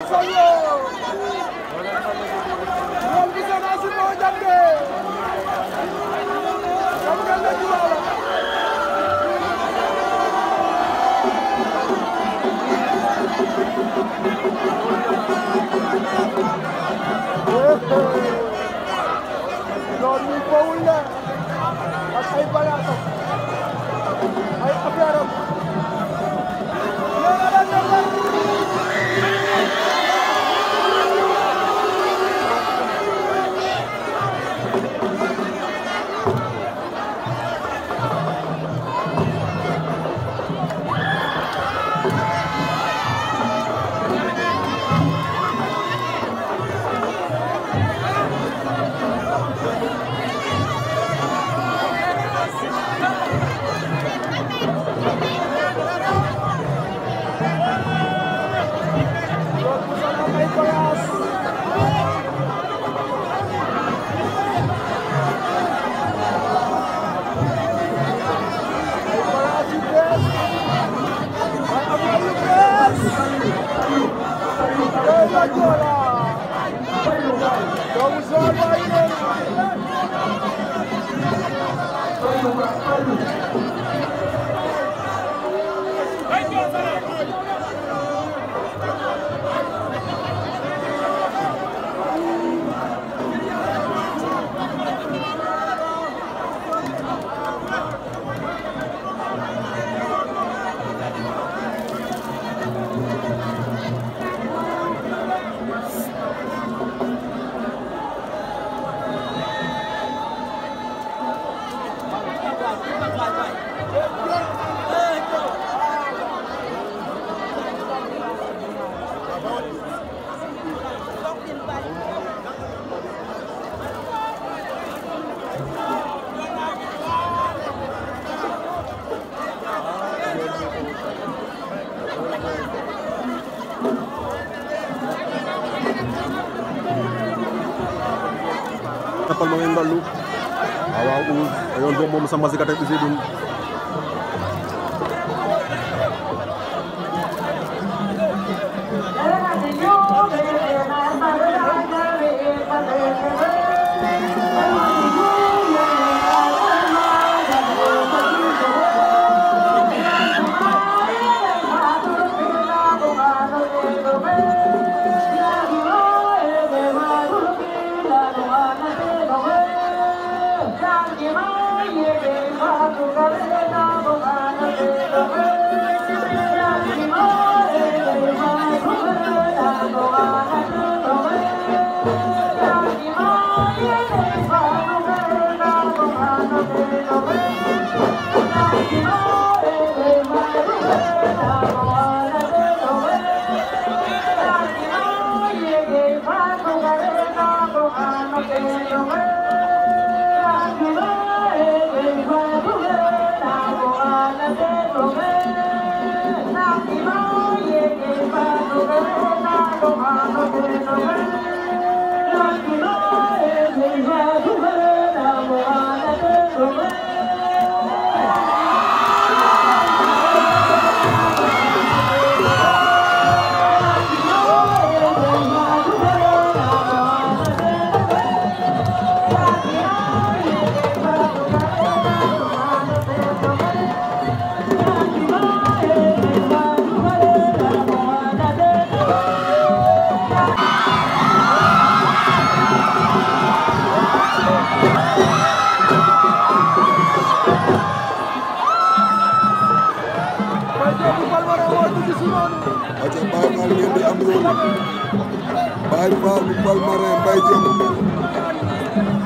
Dormir con una, hasta el balazo, ahí cambiaron. Thank you. tapal ma ngeen ngallu waaw waaw yoon bo moom samba si ka teg ɓisiidun Baye Fall bu Palmarin Mbaye Diop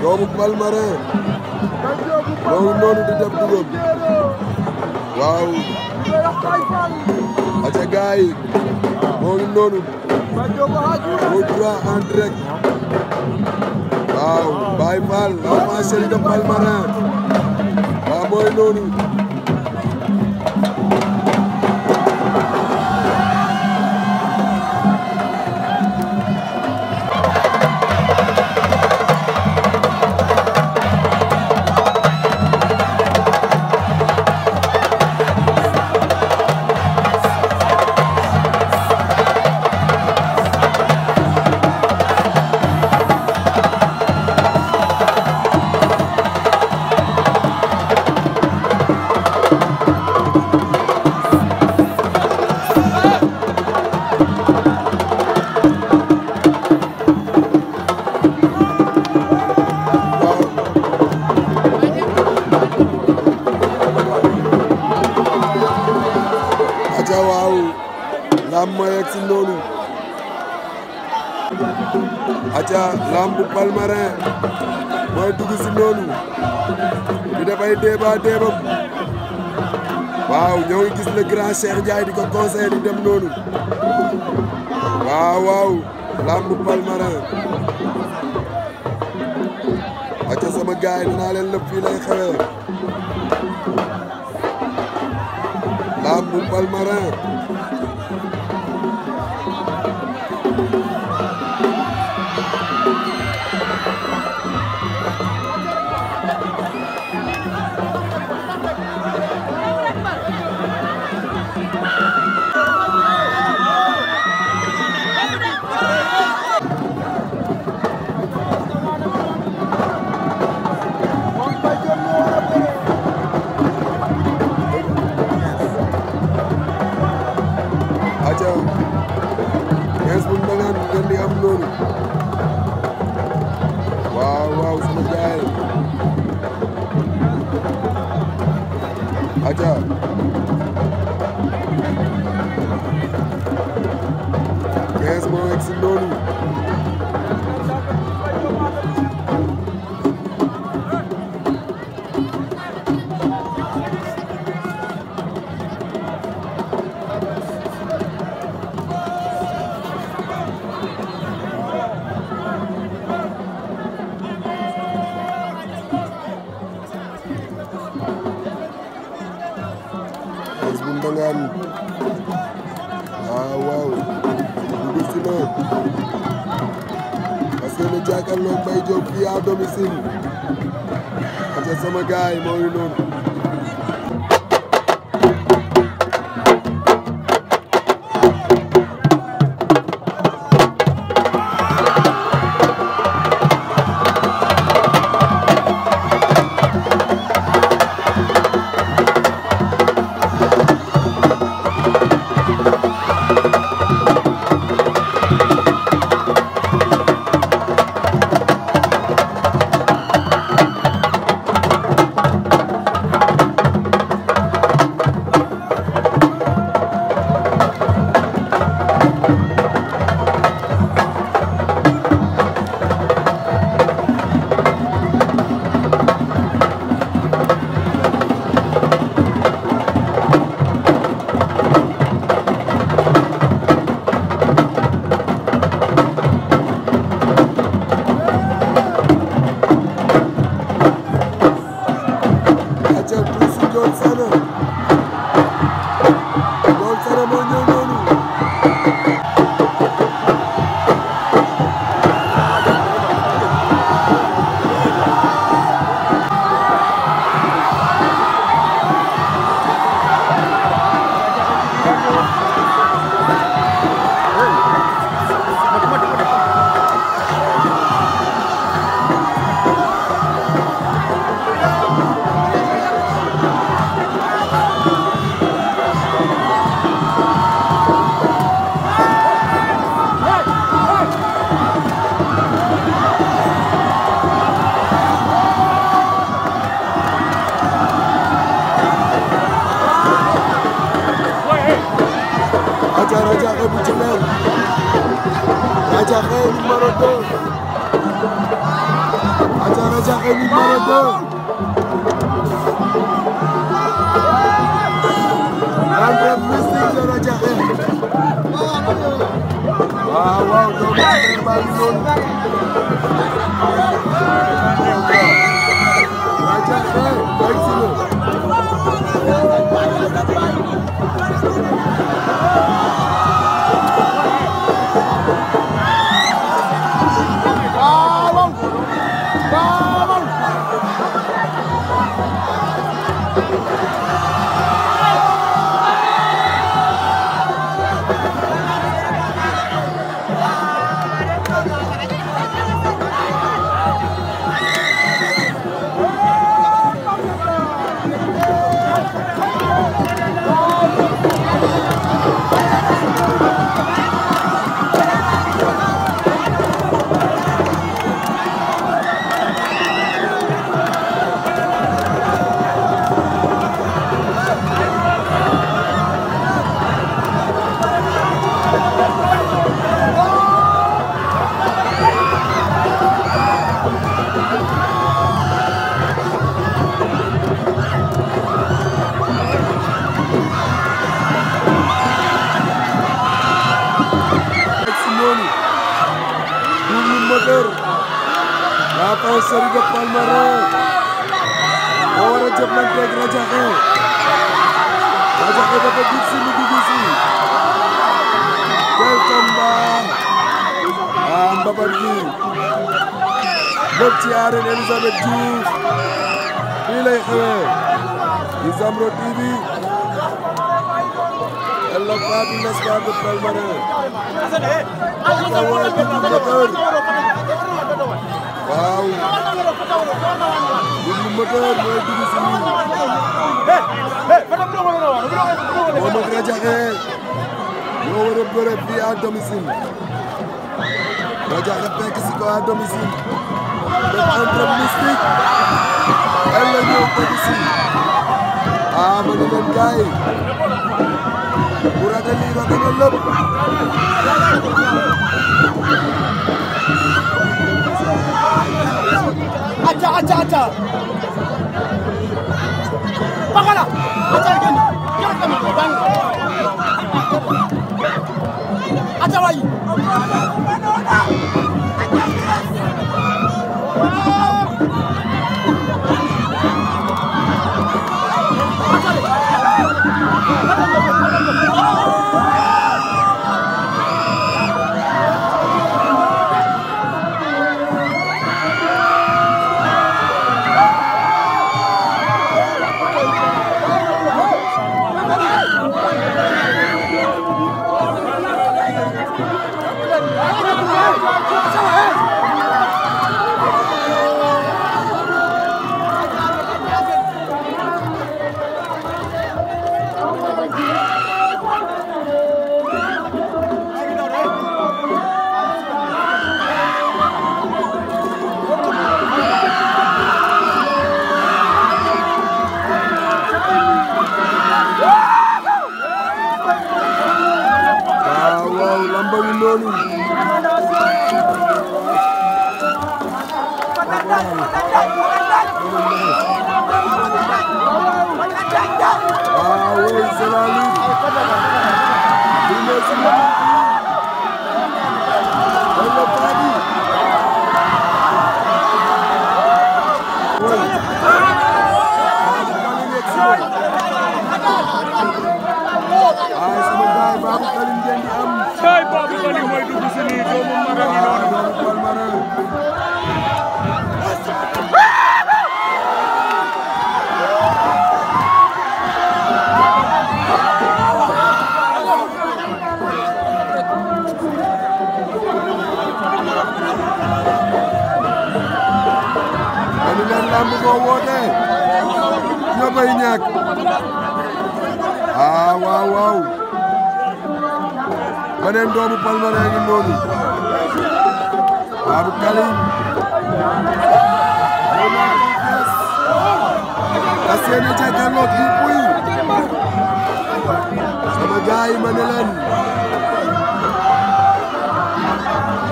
doomu Palmarin loolu noonu di def dugub waaw aca gars yi moo ngi noonu au droit en direct waaw Baye Fall la ma sëriñ de Palmarin waaw mooy noonu Lamb Palmarin mooy dugg noonu di dafay déeba déebam waaw ñoo ngi gis le grand Cheikh Ndiaye di ko conseil di dem noonu waaw waaw Lamb Palmarin aca sama gaay dinaa leen lépp fii lay xewee Lamb Palmarin numéro 2 Acara Jaxé numéro 2 L'entrée mystique de la Jaxé waaw waaw doomu Jaxé baa ngi noonu la Jaxé egg si la Sariga Palmaro. Over a Japan break Raja E. Raja E dapat diksi lagi diksi. Welcome back. Um, Bapak Ji. Bakhtiar and Elizabeth Ji. Nilai kere. Nizamro TV. Allah Fadilas Kabut Palmaro. Allah Fadilas Kabut Palmaro. waaw yëngu moteur mooy dugg si ñun. Mohamed Radiakhé moo war a bëre fii à domicile. Radiakhé fekk si ko à domicile. def entre mystique. elle la ñëw fekk si. ah ma ne leen gars yi. bu ragal lii ragal na lépp. aca aca aca pakala aca gen kera kama dang aca wai Loli. Ah oui, c'est la lutte. fay ñàkk ah waaw waaw beneen doomu Palmarin ngi noonu Babou Kalim a seene jàkkaarloo bu puy sama ma ne leen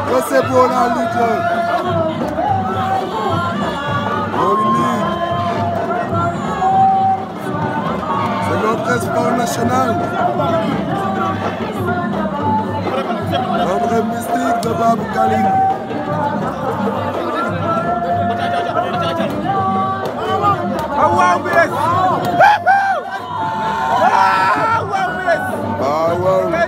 ko c'est pour la lutte l'autre sport national. L'ombre mystique de Babou Kaline. Power Race! Power Race!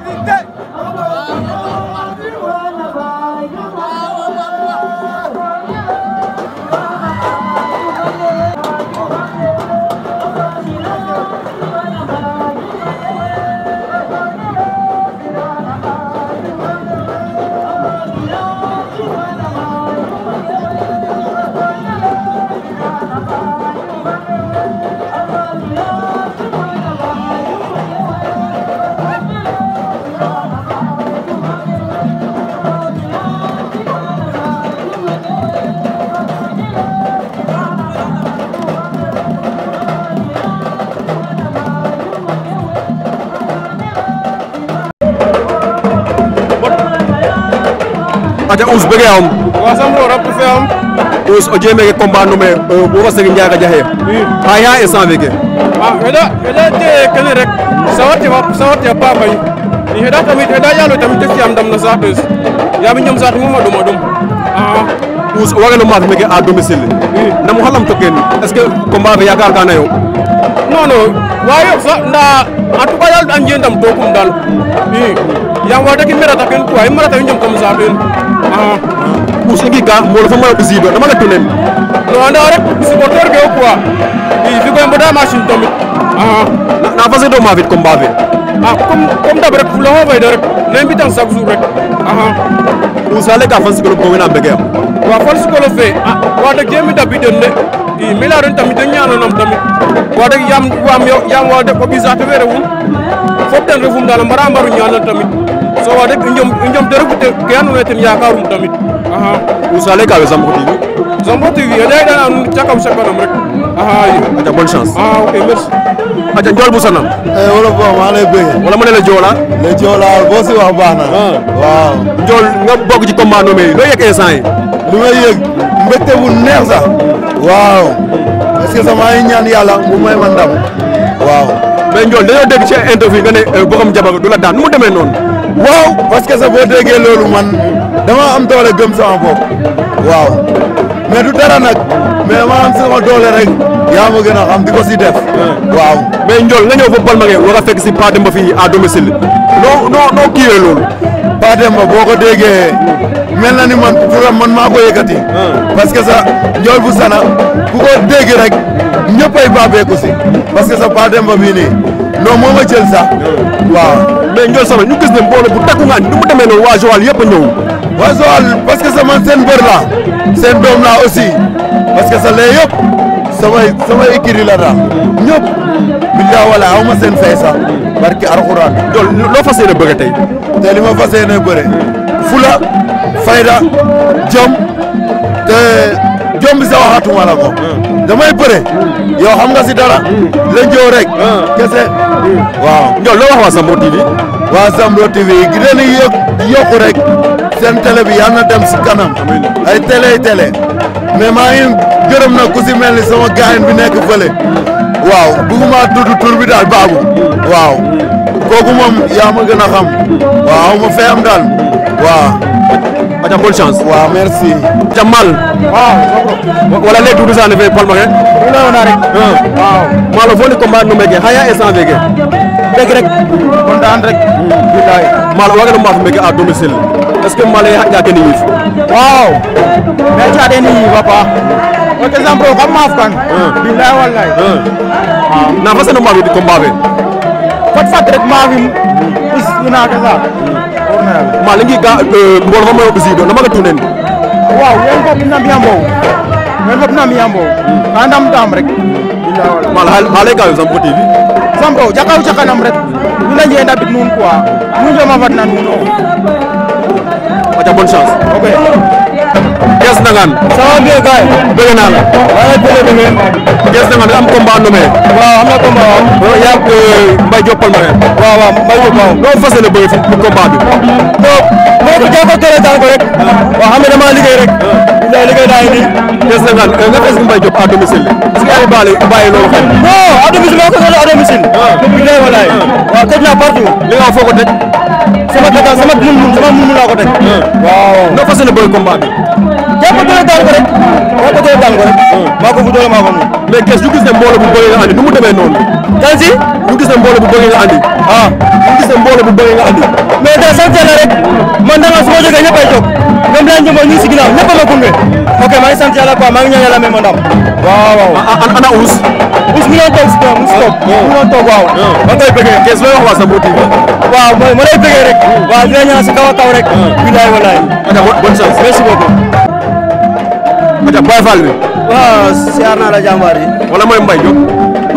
ous bëggee am. Wasam lo rap se am. Us o jëme ke combat no me wo se ngi jaxé jahe. Ha ya e sans vegé Ah heda heda té ken rek sawati wa sawati pa bay. Ni heda tamit ya lo tamit te ci am dam na satus. Ya bi ñom mu ma dum dum. Ah ous wa nga no mat meke à domicile. na mu xalam to kenn Est-ce que combat be yaakar ka na yow Non non wayo sa nda atuba yal an jendam to kum dal. Ni yang wadah kin merata kin kuai merata ñom comme ça Kouch équipe ga mo fa moyo bizido dama la tulen no anda rek supporter be quoi bi fi ko mboda machine tomit ah na fa se do ma vite comme bavé ah comme comme dab rek fulo ho bay do rek Vous tan chaque jour rek ah Kouch ale ka fans ko ko wena bege wa fans ko lo fe ah wa de gemi dabi den de i mila ren tamit de ñaanonam tamit wa de yam wam yam wa de ko bizate werewul fof ten refum dal mbara mbaru ñaanal tamit so wax deg njom te refu ke ando naye ten yakarum tamit axa usale kawe sam xotiidu sam xotiidu a jay dana nuun cakam sakanam rek axa aca bonne chance a ah, merci aca njool busanam wolof eh, wa ma lay bëgg wala mo ne le joola le joola bo si wax ah. waaw njool nga bokk ci commando me lo yëg instant yi lu may yëg mbégte bu neex sax waaw parce que sama ñaan yàlla mu may ma ndam waaw mais Ndiol dañoo dégg ci interview nga ne euh, borom jabar du la daan nu mu demee noonu. waaw parce que sa boo déggee loolu man dama am doole gëm sama bopp waaw mais du dara nag. mais maanaam sama doole rek yaa ma gën a xam di ko si def. waaw mais Ndiol nga ñëw fa ma ngeen war a fekk si Pa fii à domicile noo noo noo kiiwee loolu. boo ko déggee mel man turam man maa ko yëkkati. Hmm. parce que sa Ndiol bu sana ku ko dégg rek ñëppay baabeeku si parce que sa Pa Demba bii nii non moo ma jël sax hmm. waaw. mais Ndiol Sama ñu gis ne mbooloo bu takku ngaañ ni mu demee noonu waa Joal yëpp a waa Joal parce que sama sen mbër laa seen doom laa aussi parce que sa lee yëpp samay samay écurie la daal ñëpp billaay wala aw ma seen fay sax alxuraan. Ndiol loo fas yéene bëgg tey. li ma fas yéene bëre fula fayda jom te jom bi sa waxaatuma la damay bëre yow xam nga si dara la ñëw rek kese waaw ñoo loo wax waa Zambro TV waa Zambro TV gi leen yokku rek seen télé bi yal na dem si kanam ay télé télé mais maa ngi gërëm na ku si mel ni sama gaayen bi nekk fële waaw bëgguma tudd tur daal baabu waaw kooku yaa ma gën a xam waaw ma feyam daal waaw Aca ah, bonne chance. waaw merci. Aca ah, ah. hmm. Mal. waaw. wala les tuuti saan ni combat nu meke xaya instant feke. dëgg rek. rek. bilaay. Malo waagino mbaaf meke à domicile. est-ce que Malo ye xaƴa kene yiif. waaw. mais caɗeeni yiif a paax. o ke sam a maaf kan. bilaay wallaay. waaw na fa sene fat fat rek maafim hmm. is naaga sax. Hmm. malingiga ngol euh, fo moyo ɓisiiɗo no maga tunen waaw wen fop nam yambo wen fop nam yambo hmm. ka ndamtam rek mala xaale ka yo sam fo tv sam to jakaw cakanam rek wina njee ndabit nuun quoi nu joma fadna nuun o aca bonne chance ok Thiès Ndangane. sama biir kaay. bëgg naa la. maa ngi lay bëgg a demee. Thiès Ndangane am combat nommé. waaw am na combat waaw. loolu yaa ngi Mbaye Diop Palmarin. waaw waaw Mbaye Diop waaw. loolu fas yéene bëri pour combat bi. donc boo ko jàppee teel a tànn ko rek. waaw xam nga liggéey rek. ndax liggéey daa nii. Thiès Ndangane euh, nga fes Mbaye Diop à domicile. est-ce que ay loolu xel. non à domicile maa ko soxla à domicile. Ah. waaw ah. waaw tëj naa partout. li nga wax foo sama dada sama mun mun sama mun mun laa ko teg. Hmm. waaw noo fas yéene bëri combat bi. jàpp dina daan ko rek. moo ko doon daan ko rek. Hmm. maa ko fu doole maa ko moom. kees ñu gis ne mbooloo bu bëri nga andi nu mu demee noonu. kan si. ne mbooloo bu bëri nga andi. ah ñu da sant yàlla rek man da nga su ma jógee ñëpp ay jóg même laa njëmoon a ma gunge. ok maa ngi sant yàlla maa ngi ñaan yàlla may ma ndam. waaw waaw ah, ah, ana ana us. us mi doon toog si toog us hmm. toog. mi doon toog waaw. Hmm. ba ngay bëggee kees looy wax waa sa motif la. waaw mooy ma lay bëggee rek. waaw dina ñaan si kaw a kaw rek. bilaay walaay. bonne chance merci beaucoup. aca Baye Fall bi waaw siyaar naa la jàmbaar yi wala mooy Mbaye Diop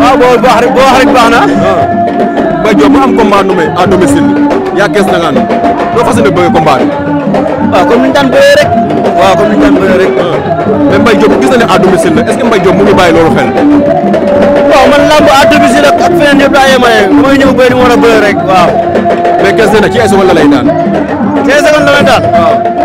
waaw boo boo wax rek na ah. Mbaye Diop mu am combat nommé à domicile yaa kees na ngaan doo fas yéene bëgg combat bi waaw ni ñu daan rek waaw comme ni ñu daan rek ah. mais Mbaye Diop gis na ne à domicile la est-ce que mu ngi loolu xel waaw man lamb à domicile ak feneen yëpp laa yemale mooy ñëw bëri ni mu war a bëree rek waaw mais kees na ci ay secondes lay daan ci ay secondes la lay daan waaw ah.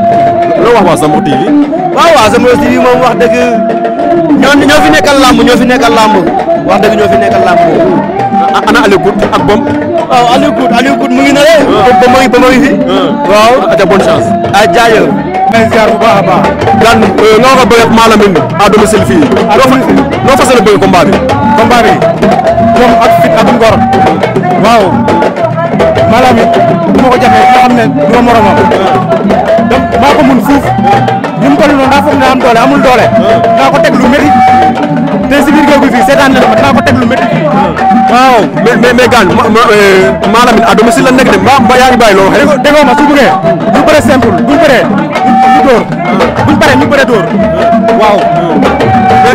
loo wax waa Zambro TV. waaw waa Zambro TV moom wax dëgg ñoo fi nekkal làmb ñoo fi nekkal làmb wax dëgg ñoo fi nekkal làmb moom. ana Aliou Kout ak Bom. waaw Aliou Kout Aliou Kout mu ngi na leen. Ah. Ah. waaw ba mooy ba mooy fi. waaw ata bonne chance. ah jaajëf. may ziar bu baax a baax. daan euh, noo ko bëgg maalam indi à domicile fii. à noo fas yéene bëgg combat bi. combat ak fit ak ngor. waaw. maanaam it ma ko jafee nga xam ne du ma moromam donc maa ko mun fuuf ni mu toll noonu daa foog ne am doole amul doole naa ko teg lu métti te si biir géew gi fii seetaan na ma naa ko teg lu métti waaw mais mais mais gaañ ma maanaam euh, la nekk de mbaa mbaa yaa ngi bàyyi loolu xëy déggoo ma su bëggee bu bëree simple bu ñu dóor bu paree ñu bëree dóor waaw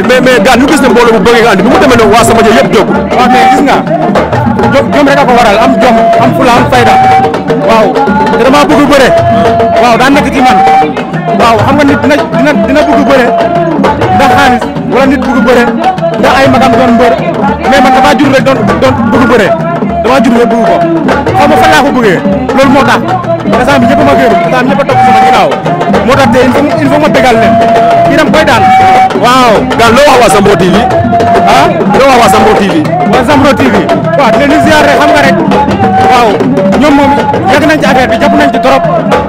mais mais gaañ ñu gis ne mbooloo bu bëggee nga andi nu mu demee noonu waa sama jë yëpp jóg waaw mais gis nga jom rek a ko waral am jom am fula am fayda waaw te dama bëgg bëre waaw daa nekk ci man waaw xam nga nit dina dina dina bëgg bëre ndax xaalis wala nit bëgg bëre ay magam doon mbër mais man dafa jur rek doon damaa a rek bëgg ko xam nga fan laa ko bëggee loolu moo a instant bi ñëpp ma gërëm instant bi ñëpp a topp sama ginnaaw a tax te il faut il faut ma bégal leen kii dama koy daan waaw. daal loo wax a Zambro TV a loo wax a Zambro TV. waa Zambro TV a di leen ziar rek xam nga rek waaw ñoom moom yàgg nañ ci affaire bi jàpp nañ ci trop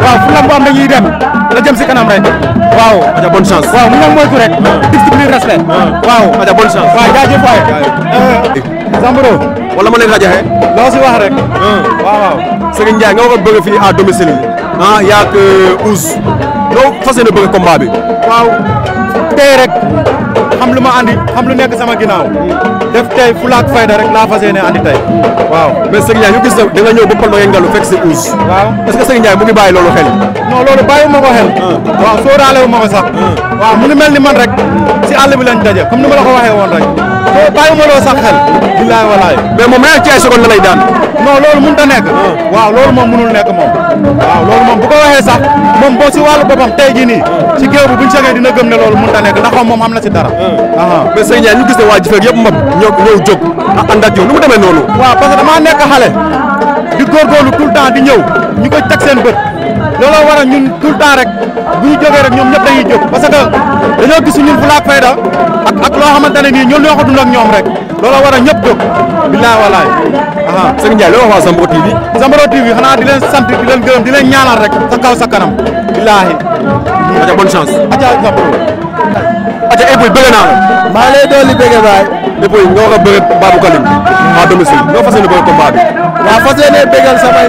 waaw fu lamb am dañuy dem la jëm si kanam rek waaw. aja bonne chance waaw mu ngi moytu rek. Ah. discipline respect. Ah. waaw aja bonne chance. waaw jaajëf waay Zambro. wala ma leen ko joxe. loo si wax rek. Hmm. waaw waaw Serigne Ndiaye nga ko bëgg fii à domicile yi. ah yaa ngi ko Ousse. loo fas yéene bëgg combat bi. waaw tey rek xam lu ma andi xam lu nekk sama ginnaaw. def tey fulaak fayda rek laa fas yéene andi tey. waaw mais Serigne ñu gis da nga ñëw ba Koldo Yengalu fekk si Ousse. waaw est-ce que mu ngi loolu xel. non loolu bàyyi ma ko xel. Hmm. waaw sóoraale wu ma ko sax. Hmm. waaw mu ngi mel ni man rek. si àll bi lañ daje comme ni ma la ko waxee woon bàyyi ma loo sax xel. billaay walaay. moom rek ci ay seconde daan. non loolu mënut a nekk. Ah. waaw loolu moom mënul nekk moom. waaw loolu moom bu ko waxee moom boo si wàllu boppam tey jii nii. ci géew bi buñ segee dina loolu mënut a nekk ndax moom am na si dara. Ah. mais sëñ Ndiaye ñu gis ne waa Jifeer yëpp mbab ñoo ñëw jóg mu demee noonu. waaw parce que nekk xale di góorgóorlu tout le di ñëw ñu koy teg bët looloo waral ñun tout le rek bu ñu rek ñoom ñëpp dañuy jóg parce que dañoo gis ñun fu laak ak loo xamante ne nii ñun ñoo ko dund ak ñoom rek looloo waral ñëpp jóg billaay walaay aha sëñ Ndiaye loo wax waa Zambro TV Zambro TV xanaa di sant di gërëm di leen ñaanal rek sa kaw sa kanam billaahi aja bonne chance aja Zambro aja éboy eh, bëgg naa la maa lay dolli bëgg baay éboy eh, nga a bëgg Babou Kalim à domicile nga fas yéene bëgg combat bi waaw fas yéene bëggal samay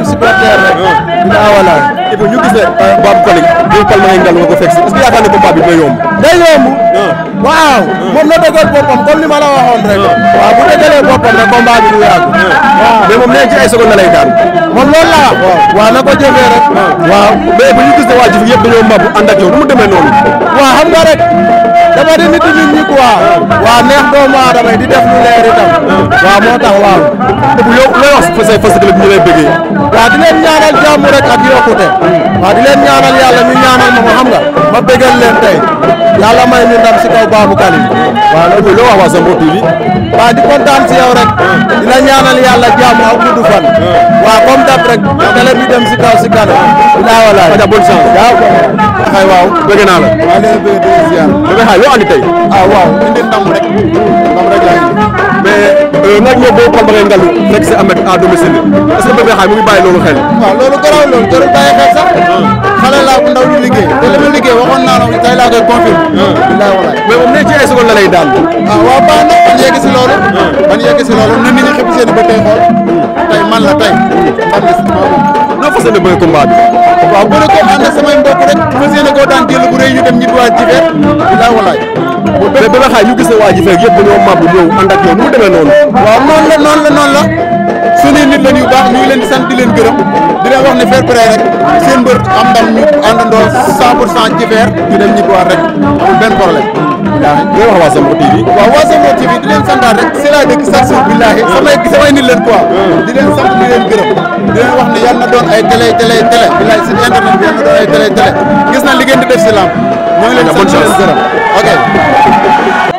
et puis ñu gis ne euh, Babou Kaling biir Palmarin Ngal nga ko fekk si est-ce que yaakaar ne combat bi dina yomb. day yomb. waaw moom na dëggal boppam comme ni ma la waxoon rek. waaw bu dëggalee boppam rek combat bi du yàgg. waaw mais moom nee ci ay secondes lay daan. moom loolu la wax. waaw na ko jëfee waaw mais bu ñu gis ne waa Jif yëpp dañoo mab ànd mu demee noonu. waaw xam nga rek dafa di nit nit ñi quoi. waaw neex doomu aadama di def lu leer itam. waaw moo tax waaw. bu yow looy wax fas fas yële bi ñu lay di leen ñaanal jàmm rek ak yokkute. waaw di leen ñaanal yàlla ñu ñaanal yàlla may ñu ndam si kaw Babou Kalim. waaw loolu loo wax waa sa mbokk yi. waaw di kontaan si yow rek. di la ñaanal yàlla jàmm ak gudd fan. waaw comme dab rek. télé dem si kaw si kanam. dinaa walaay Fatia bonne chance. waaw waaw bëgg naa la. waaw léegi bëgg naa ziar. dafay xaar yoo andi tey. ah waaw indi ndam rek. ndam euh, nag ñoom boo xool ba ngalu fekk si Ameth à domicile est-ce que xaay mu ngi bàyyi loolu xel. loolu garaaw loolu jarul bàyyi xel sax. Ah. xale laa ndaw di liggéey te li ma liggéey waxoon naa la tey laa koy confirme. Hmm. bilaay walaay mais moom nee ci ay seconde la lay daal. ah waaw baax na ban yegg si loolu. ban hmm. yegg si loolu nit ñi nga xam seen i ba tey xool tey man la tey man la si moom. noo fas yéene bëri samay mbokk rek fas yéene koo daan jël dem ñibbi waa Jifeer bilaay walaay. mais Bébé Khaye gis ne waa Jifeer yëpp dañoo màbb ñëw ànd ak yow nu mu demee noonu. waaw noonu la noonu suñuy nit lañ yu baax ñu ngi leen di sant di leen gërëm di leen wax ne fair play rek seen mbër am ndam ñu àndandoo 100 pour cent ci fair ñu dem ñibbiwaat rek benn problème. waaw di leen wax waa Zambro TV. waaw waa rek si laa dëkk billaahi samay samay nit leen quoi. di leen sant di leen gërëm wax ne yal na doon ay télé télé billaahi si internet doon ay télé gis na li ngeen def si lamb leen sant di leen gërëm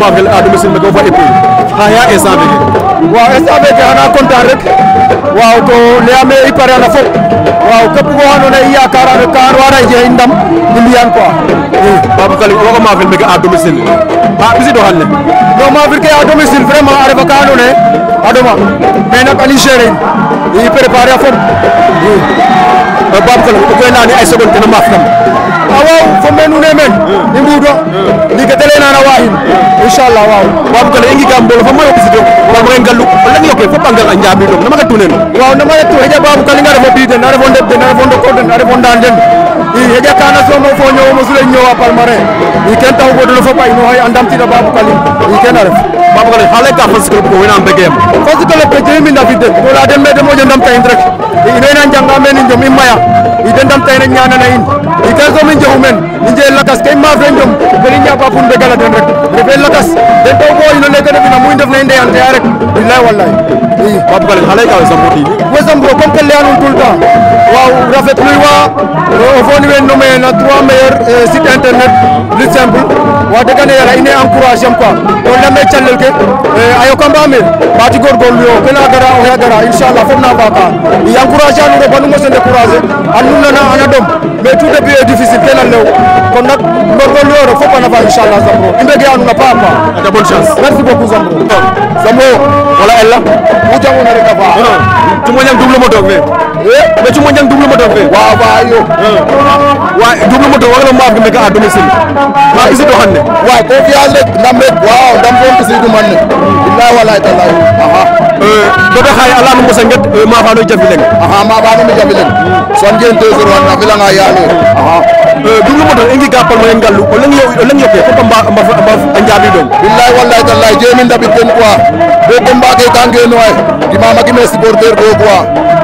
déplacement a domicile nga ah, ko fa épuisé xaa yaa instant bi waaw instant bi xanaa kontaan rek waaw to leyaame i pare na fop waaw képp ko andoona yee i yaakaaraan ka andoona yee jee i ndam i a quoi i Babou Kalim o waag o a meke à domicile a ɓisiidoxan le no maafel ke à domicile vraiment a refa ka andoona yee a ɗoma mais nak ani gérer i préparer a fop i Babou Kalim o koy layan ay seconde ke na maaf waaw fo men une men hmm. i mbuuɗo ndiike hmm. télé nana waahin inchallah waaw waam kene i ngiga mboolo fo mayo ɓisido waam re ngallu o leŋ yoke fop a ngar a njaaɓiɗong nama retu nen waaw nama retu xeƴa baabu kali nga refo ɓiy den a refo ndeɓ den a refo ndokor den a refo ndaan den i xeƴa kana somo fo ñowo mosule ñoowa palmarin i ken taxu ɓodolo fop a inoxay a ndamtida baabu kalim i ken a ref baabu kalim xale ka fasicole ko wena mbegeyam fasicole pe jemi ndafid den to leya den me den moƴo ndamta in rek i inoy na njanga men i njom i maya i de ndam tayna ñaanana in i ka soom i njegumen Ninjee lakas kay maaf leen jom bari ñapa pour be gala den rek refe lakas den to boy no leke defina muy ndef nay ndeyante ya rek billahi wallahi i pap galen xale ka sam moti we sam bro comme que leyanum tout le temps waaw rafet luy wa o foni we nommé na trois meilleurs euh, site internet lu simple wa dega ne yàlla euh, ine encourage am to leme calel ke a yoka mbame mbati gorgorlu yo kena gara oxe gara inshallah fop na faka i encourage a nuno a décourager a nun nana ana dom kon nag góorgóorlu yoo rek foog nga na faa incha allah Zambro i mbégé anu na pas à pas. et de bonne chance. merci beaucoup Zambro. Zambro wala ella. mu jàngoon na rek a faa. non non tu ma ñam double moto mais. Eh, mais ci mondial double moteur fe waaw waaw yow eh. waaw double moteur wala maaf gi meka à domicile maa gis do xamne waaw confiance rek ndam rek waaw ndam fon ko sidu man billahi wallahi tallahi aha euh do xay ala no musa nget eh, ma fa no jafi len aha ma ba no jafi len son gen 2 0 aha double moteur engi gapal mo ngalu o len yow o len yokke ko mba mba mba anjabi don billahi wallahi tallahi ten quoi bo ko mbake kangen di mama gi mes border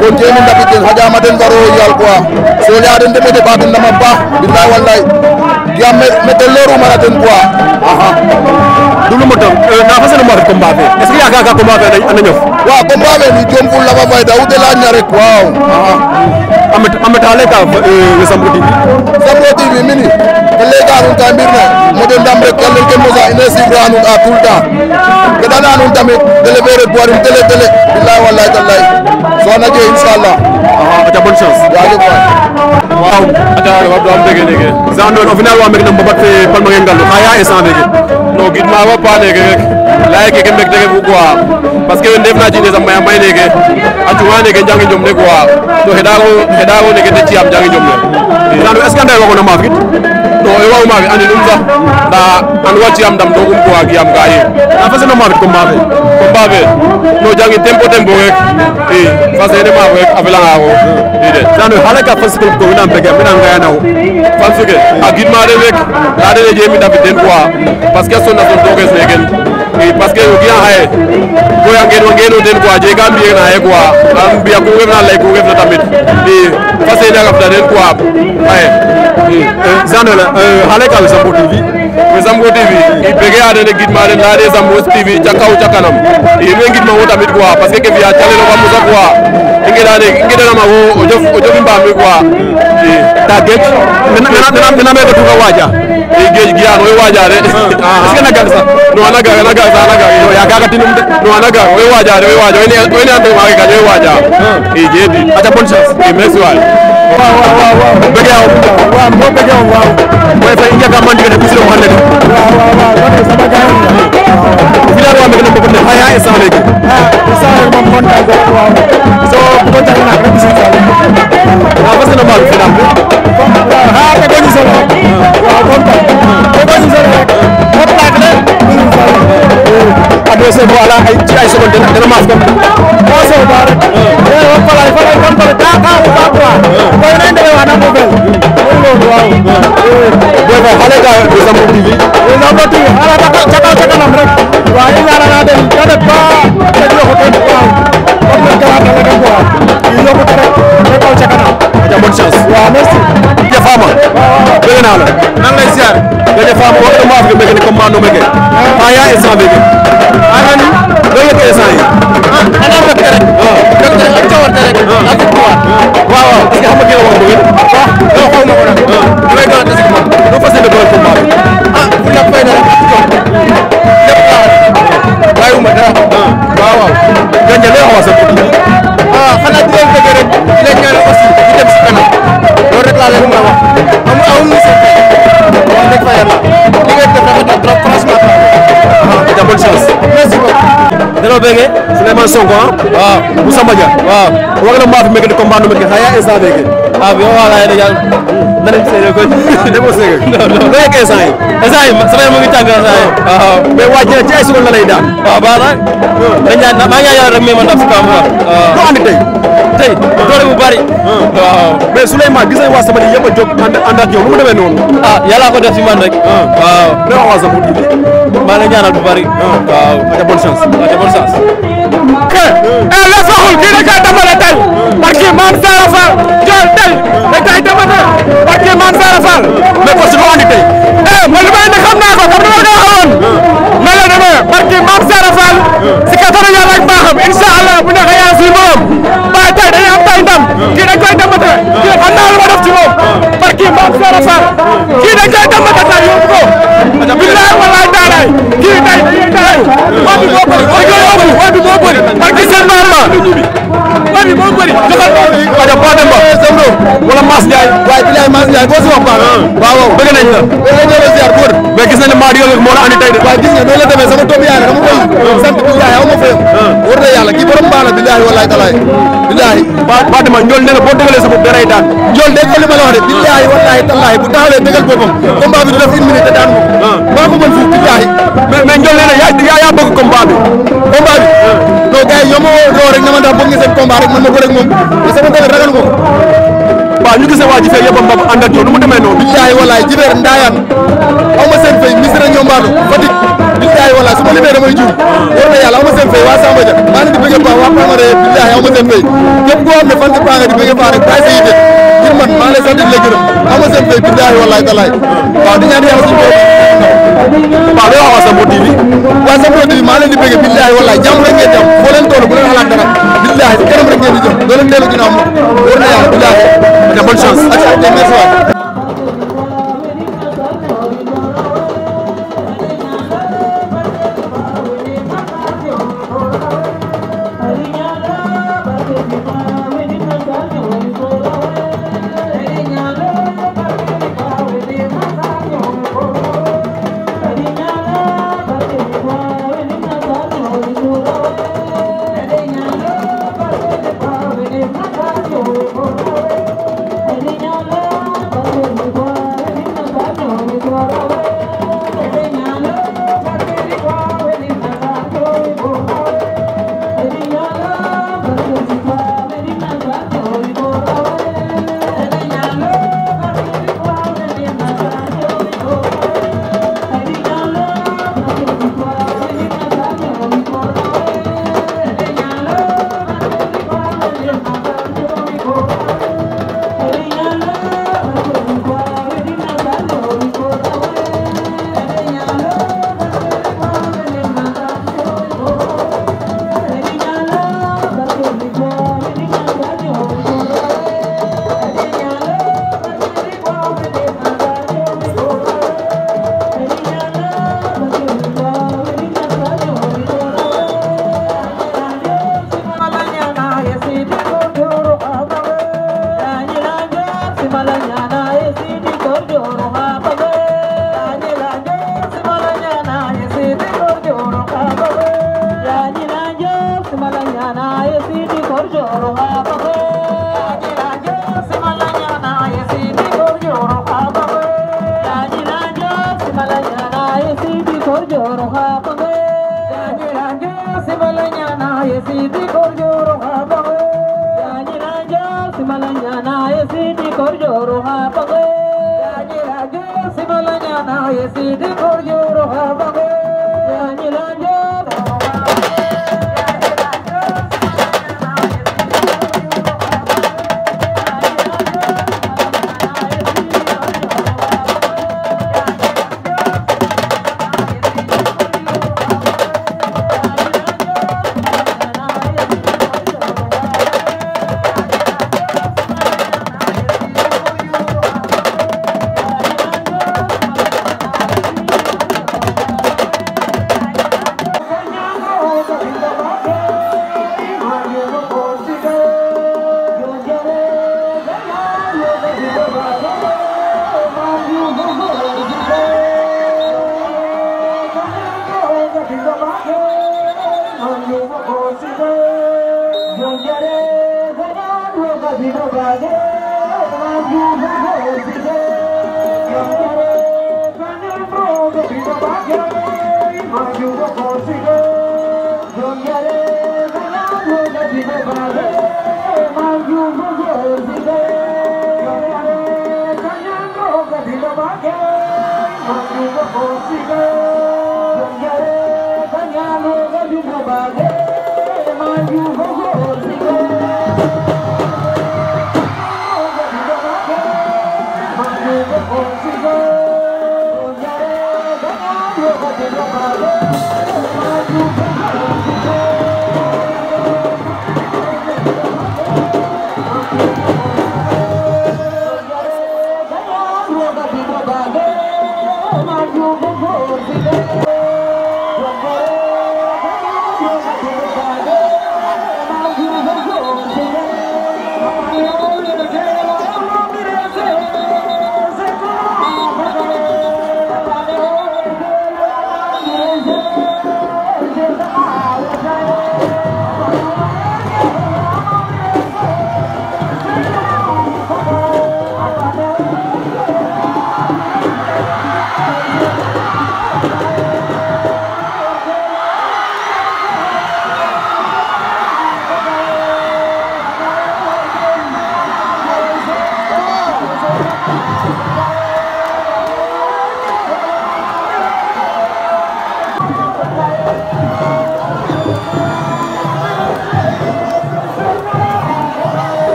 ko jeni ndaɓi ten haƴama den garo de quoi so leya den ndemede ɓaten ndama paax bilay wallay yaam mete lerumana ten quoi axa dulu motam euh, na fasanemo ret combat fe est ce que ka combat fe ana ñof waaw combat bi ni jom ful la fa fayda wute laaj ah, euh, na rek waaw ametale ka we Zambro TV Zambro TV mini ke leega nun ka mbirna rek ka lel ke mosa ine suivre a nun a tout le temps ke dana nun tamit télé fe ret boirim télé télé bilaay wallaay tallaay chance yajof waay waaw aca wabdam mbege o final wa mbeg na mbabat fe palma nge ngalu xa ya instant neke no gidma wa pa neke keke mbeg te refu quoi parce que we aji ne samba yamba neke a cunga neke njangi njom ne quoi to xeɗaxo xeɗaxo neke te ciyaam njangi njom ne naan est ce que anda ye wagona maaf it to i e wagu maafit andin um nda an wa ciyaam ndam toogum quoi yaam ga ye nda fas yéene maafit comme maafe comme baafe no jangin tempo tempo rek i fas yéene maaf rek a felanga xo i de naan xale ka fas ke to winan pege mi nan ngayanaw fas ke a gidma den rek ndafit e den quoi parce que a sonna son tooges i parce que o kiina xaye koy a ngeen wa ngeeno ten quoi ka mbiye na xaye quoi ka mbiya ku refna ley ku refna tamit i fas yéene a rafda den quoi xaye Zane le xale kawe Zambro TV we i bege a den e gidma den leya de Zambro TV ca kaw ca kanam i we ngidma wo tamit quoi parce que ke fiya calelonga mosa quoi i ngeda ne i ngedanama wo o jof i mbaami quoi i ta geek nena mbeta tuga waja i geej giya oxey waja de ah, ah, ah. est ce que na gang sax non na gang na gang sax na gang ya kaga tinum de non na gang oxey waja de oxey waja wene entraînement ke kañoy waja i geedi aca bonne chance i merci waay waaw waaw waaw bege o waaw bo bege o waaw way fa i njaga ma ndigane ɓisidong xan lene waaw waaw waaw sama gaay filar wa meke no mbogon ne xaya instant leegi instant leegi moom content waaw so bugo jang naak rek ɓisid combat bi final bi. waaw ah nga gën a solo. waaw kontaan nga gën a solo rek. nga plaqué leen. adversaire bi voilà ay ci ay seconde dana dana maas gàtt. waaw soo baax rek. mais wax fa laay fa laay fan bële daa xaaru baax quoi. mooy nañ demee wax na ko bëri. mooy loolu waaw. booy boo xale gaa yi Zambro TV. Zambro TV ala ca ca kaw ca kanam rek. waaw ñu ñaanal naa dem ca def ba ca yokku kenn waaw. kon nag garaat la nga dem quoi. ñu yokku kenn ta bonne chance. waaw merci. Gandia Fama. bëgg naa la. nan lay ziar. Gandia Fama wax dëgg maa fi nga bëgg ni comme maa noo bëggee. ah yaa instant bëggee. ah nani. Ousmane Sonko ah. Ah. Ah. waaw Moussa Mbadia waaw wagana mbaaf meke de combat no meke haya instant meke a bi o wala ene gal nanem seede ko demo seede non non day ke instant yi instant yi sama mo ngi tàng instant yi waaw mais waajina ci ay sugol la lay daan waaw baax na dañ ñaan ma nga yàlla rek mais man daf su kam waaw ko andi tey tey waa sama yëpp a jóg ànd ak yow mu demee noonu ah yàlla ko def ci man rek waaw mais wax waa sama maa ngi ñaanal bu bari waaw bonne chance bonne chance que eh, kii dañ koy dembale tey parce que Mame Sara Fall jël tey dañ koy dembale parce que Mame Sara Fall mais parce que ko andi tey eh man li may indi xam naa allah bu neexee yàlla suñu borom waaye tey dañuy am kii dañ koy dembate kii xam naa lu ma wallaay daalaay kii tey. waa bi moo bëri waa bi moo bëri. waa bi moo bëri. Fadio Paul Demba wala Mass Ndiaye waaye bilaay Mass Ndiaye boo si wax baax ah. waaw waaw bëgg nañ la waaye ñoo la ziar góor mais gis nañ ne maa di yooyu moo la andi tey de waaye gis nga noonu la demee sama doom yaay la dama koy sant bilaay aw ma fayam ah. war na yàlla kii borom baax la bilaay walaay talaay bilaay Paul Demba njool nee na boo dëgalee sa daan bu taxawee dëgal boppam combat bi du def une minute ah. yaa yaa bëgg combat bi combat bi non gars yi ñoo ma woo rek na ma ndax bëgg nga seen combat rek man ma bëre ak moom te sama góor ragal ko. waaw ñu gisee waa ji fee yëppam ba mu ànd ak yow nu mu demee noonu. billaay walaay jibeer ndaayaan aw ma seen fay misira ñombaanu Fatick billaay walaay su ma limee damay juum yow na yàlla aw ma seen fay waa Samba Dia maa ngi di bëgg baax waa Pamare billaay aw ma seen fay képp koo xam ne fan si paa nga di bëgg baax rek bàyyi sa yite ngir man maa ngi lay sant waaw day wax Sambro TV waaye Sambro TV maa leen di bëgg billahi wallahi jàmm rek ngeen jàmm boo leen toll bu leen xalaat dara kanam rek di jëm doo leen dellu ginnaaw moom war na yàlla billahi te bonne chance ak merci waay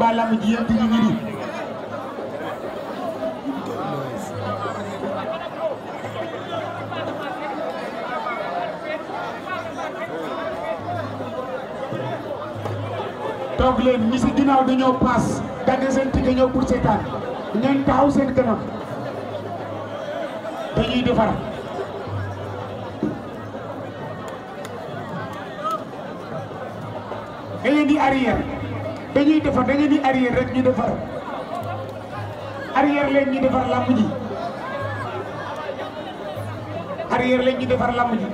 combat lamb ji yëpp ñu ngi nii toog leen ñi si ginnaaw paas dagg seen ticket ñëw pour seetaan ñeen taxaw seen kanam di arrière dañuy defar da ngeen di arrière rek ñu defar arrière leen ñu defar làmb ji arrière leen defar làmb ji.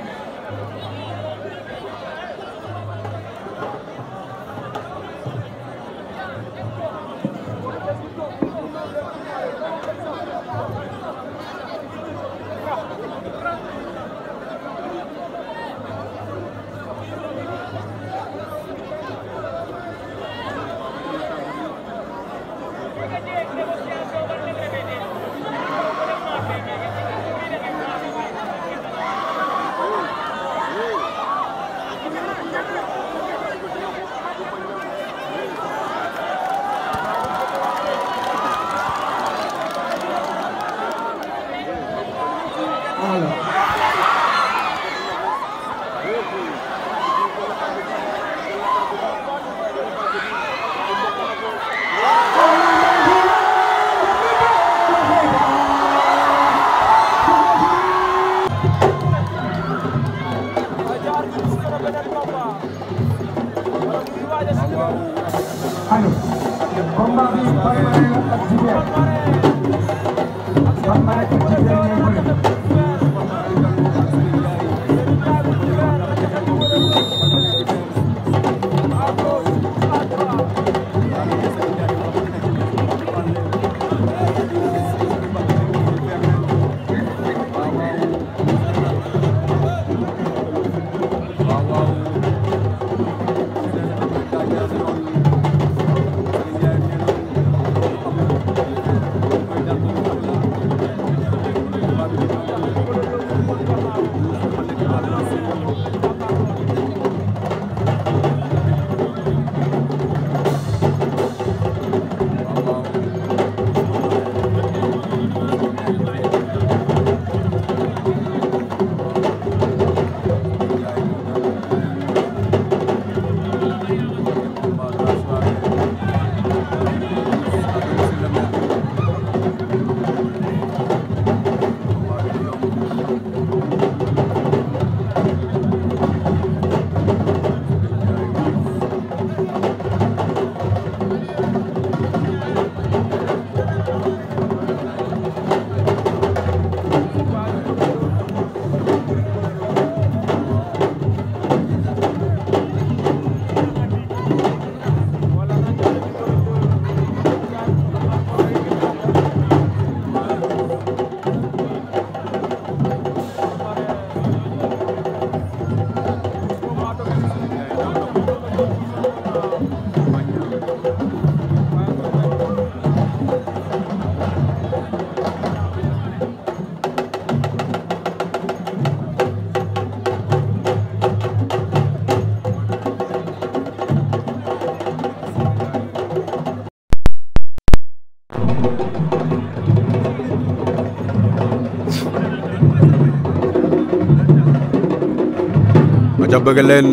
bëgg leen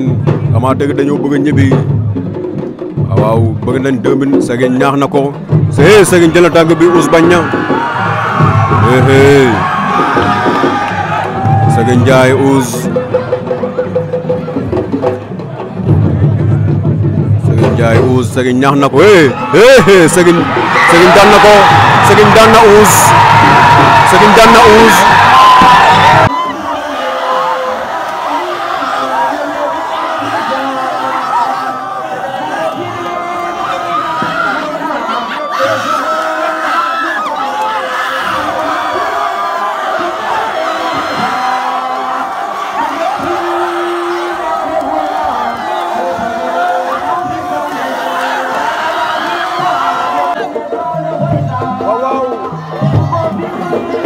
ama dëgg dañoo bëgg a ñibbi ah, waaw bëgg nañ deux minutes Serigne ko see Serigne jël na tànk bi us bañ na éé Serigne Ndiaye us Serigne Ndiaye us ko é é Serigne Serigne daan ko Serigne daan na us Serigne daan waaw waaw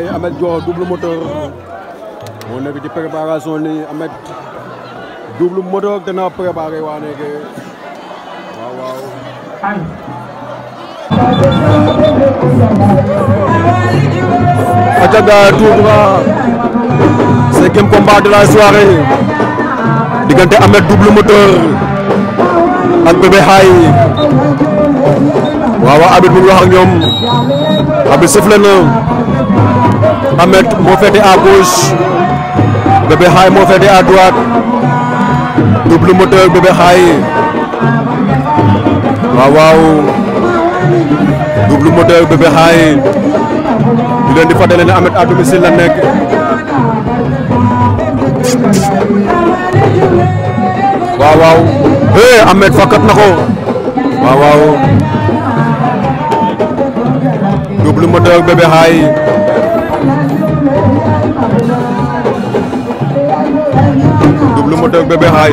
Ndiaye Ameth Dior double moteur moo nekk ci préparation ni Ameth double moteur dana préparé waa nekk waaw waaw Acaga tout droit cinquième combat de la soirée diggante Ameth double moteur ak Bébé Haye waaw waaw Abid mu ngi wax ak ñoom Abid sëfle na Ahmed moo féete à gauche Bébé Khaye moo féete à droite double moteur Bébé Khaye waaw waaw double moteur Bébé Khaye di leen di fàttali ne Ahmed à domicile la nekk waaw waaw eh Ahmed na ko waaw waaw double moteur Bébé Khaye promoteur bébé xaay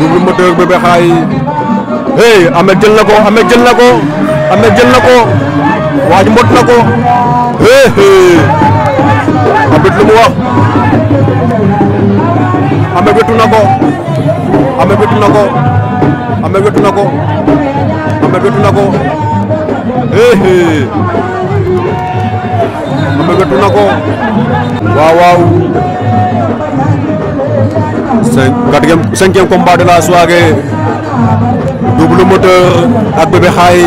double moteur bébé xaay hey Ameth jël na ko Ameth jël na ko Ameth jël na ko waaj mbot na ko hey hey Ameth lu mu wax Ameth wetu na ko Ameth wetu na ko Ameth wetu na ko Ameth wetu na ko hey hey mëbëtu na ko waaw waaw cinq quatrième cinquième combat de la soirée double moteur ak bébé xaay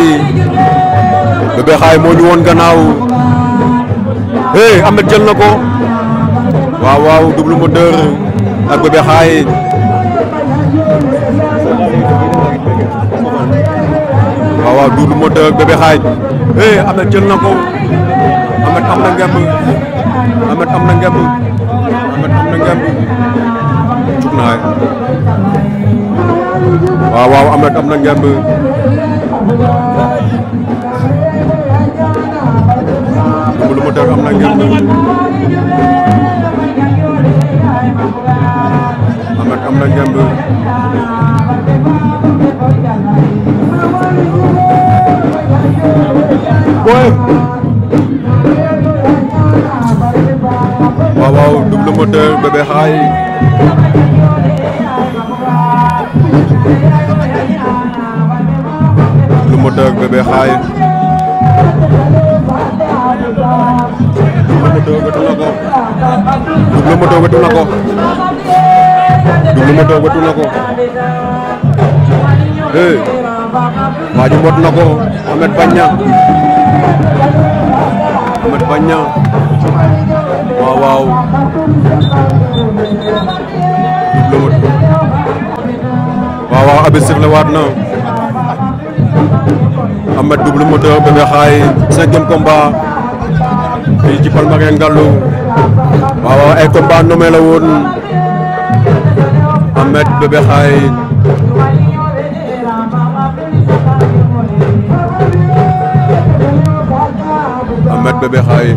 bébé xaay moo ñu woon gannaaw eh Ahmed jël na ko waaw waaw double moteur ak bébé xaay waaw waaw double moteur bébé xaay eh Ahmed jël na ko. Amet am na Amet am na ngemb waaw double moteur bébé xaay double moteur bébé xaay double moteur wetu na double moteur wetu na ko double moteur wetu na ko eh waa ji mot na ko Ahmed Bagna Ahmed Bagna waaw waaw waaw waaw waat na Ameth Double Moteur Bébé Khaye cinquième combat fii ci Palmarin Gallo ay combat nommé la woon Ameth Bébé Khaye Ameth Bébé Khaye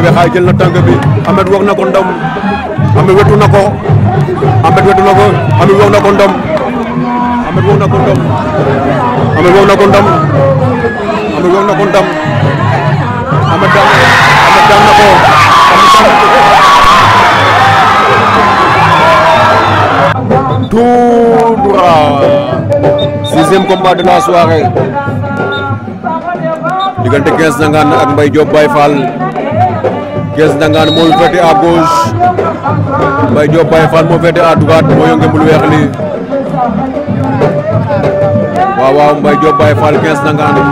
bébé xaay jël na bi wax na ko na na na ko na ko na ko na ko na tout sixième combat de la soirée Guess Ndangane moo féete à gauche Mbaye Diop Baye Fall moo féete à droite moo yëngu mu lu weex li waaw waaw Mbaye Diop Baye Fall Guess Ndangane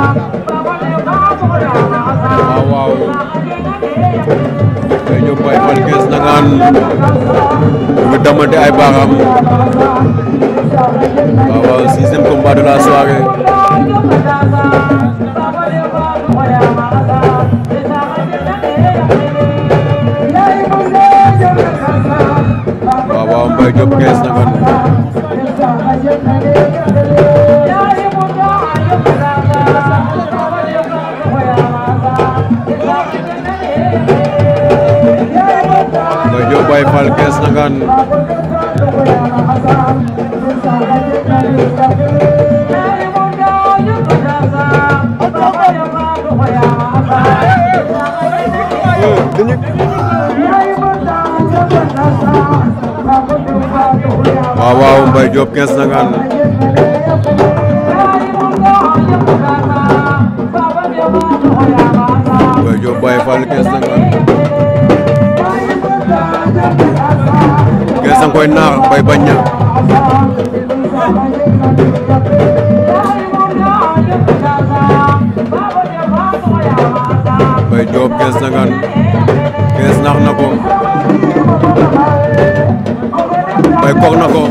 waaw ay baaxam waaw waaw sixième de la soirée. Boy Diop kees na kon Boy Diop Baye Fall kees na kon dañu waaw waaw Mbaye Diop 15 Ndangane Mbaye Diop Baye Fall 15 Ndangane 15 koy naax Mbaye bañ na Mbaye Diop 15 Ndangane 15 naax na ko bay koog na ko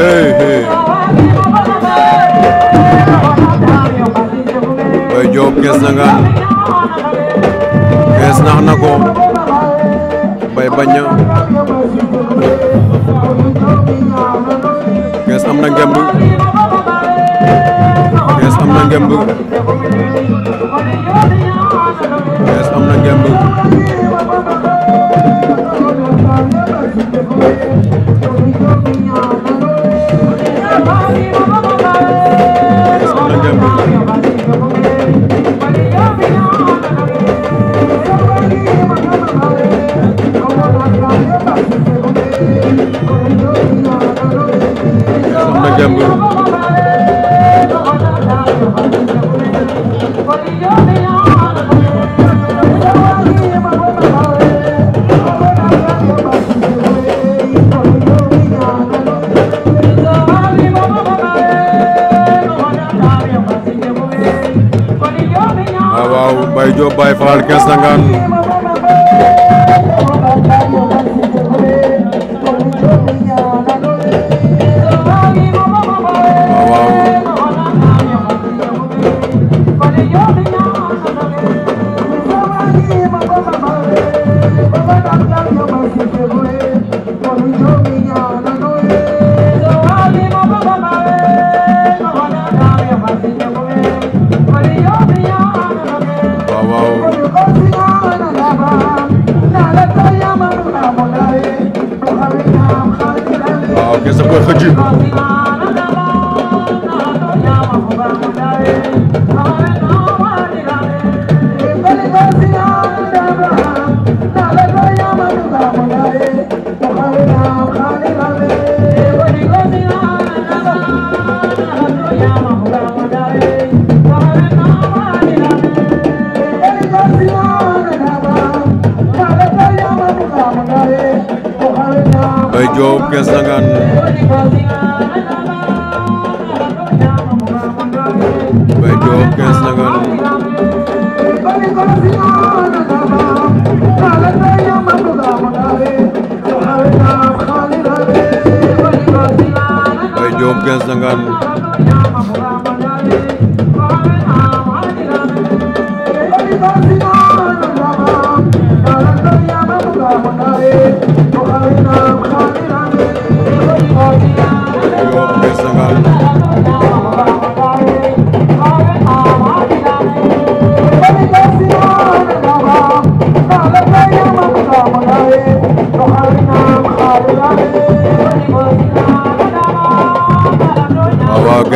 hey bay Diop gees na ngaan gees nax bay baña gees am na ngemb am na ngemb am na Général Gas Ndangane Mbaye Diop Kees Ndangane Mbaye Diop Kees Ndangane Diop Gass Ndangane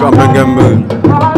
ko am na ngëm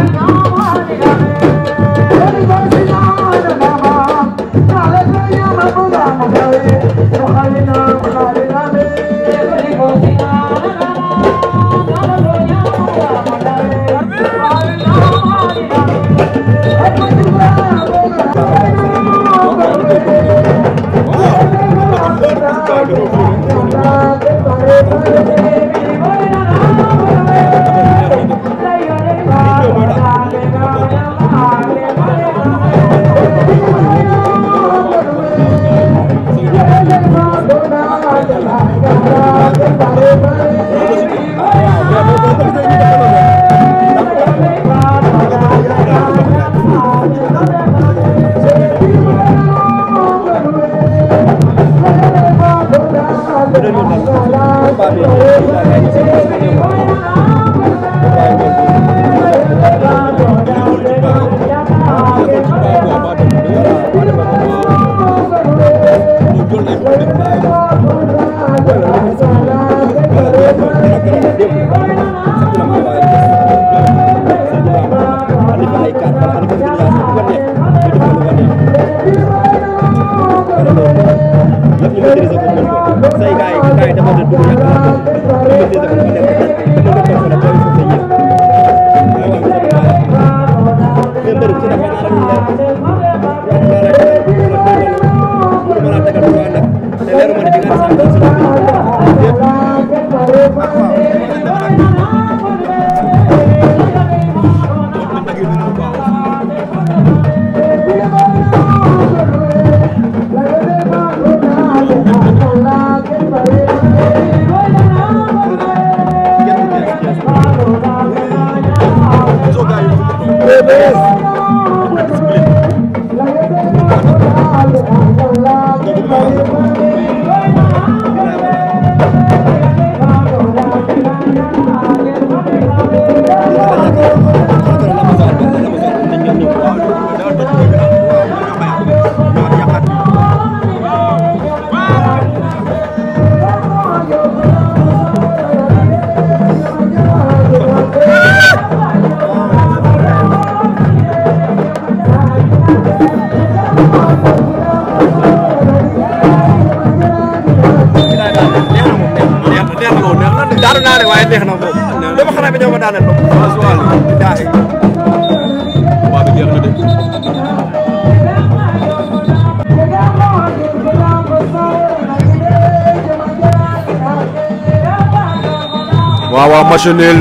match nul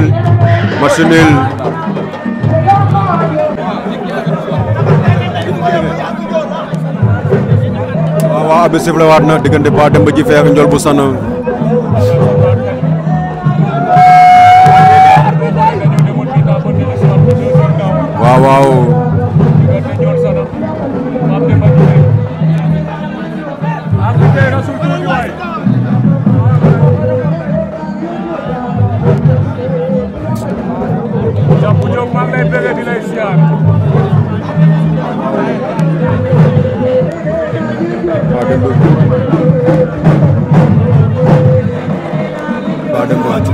match nul waaw waaw abi sifle waat na diggante Pa Demba Djiffé ak Ndiol bu Sana waaw waaw ba dem ba ci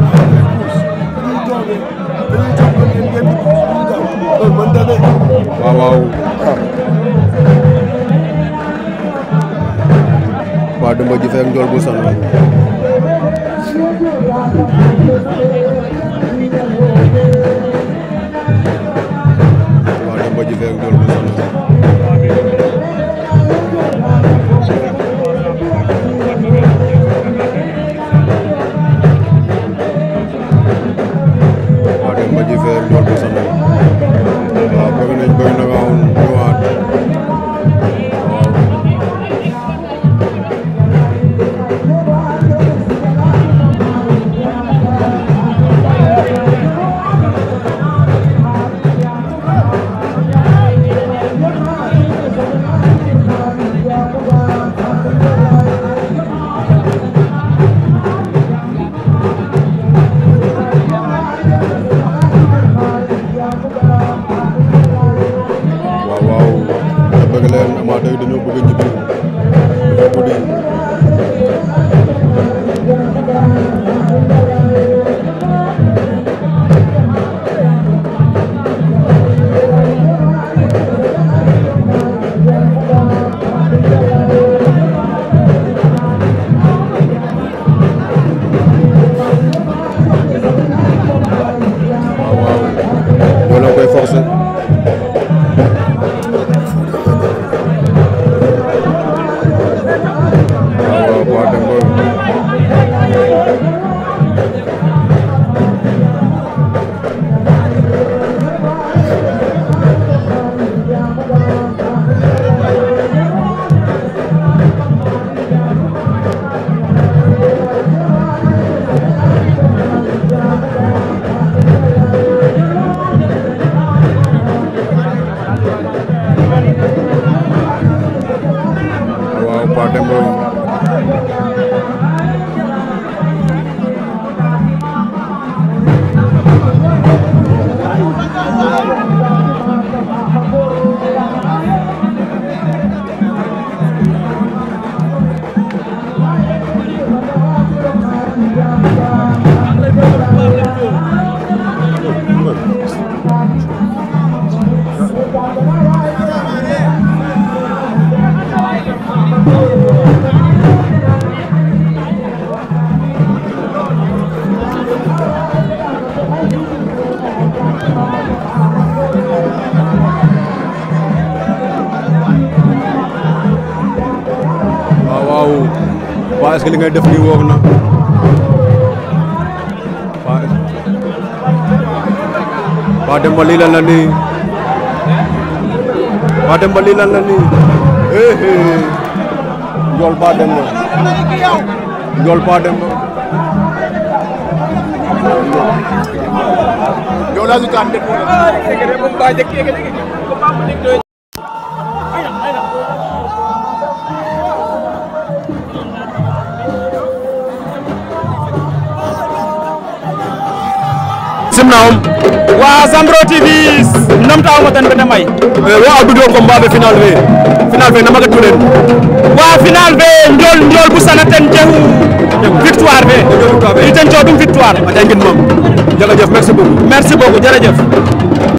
waaw waaw ba dem ba ji fekk njool bu san ba dem ba ji fekk njool bu san veulent que li ngay def nii wóor na waa dem ba lii lan la nii waa dem ba lii lan la nii njool baa dem ba njool baa dem ba njool laa ginnaawam waa Zambro TV namtaw ma tan bete may eh, wa abdou combat be final fe final fe namaga tulen wa final fe njol njol bu sana ten jehu victoire fe iten cootum victoire a jangin moom jërëjëf merci beaucoup merci beaucoup jërëjëf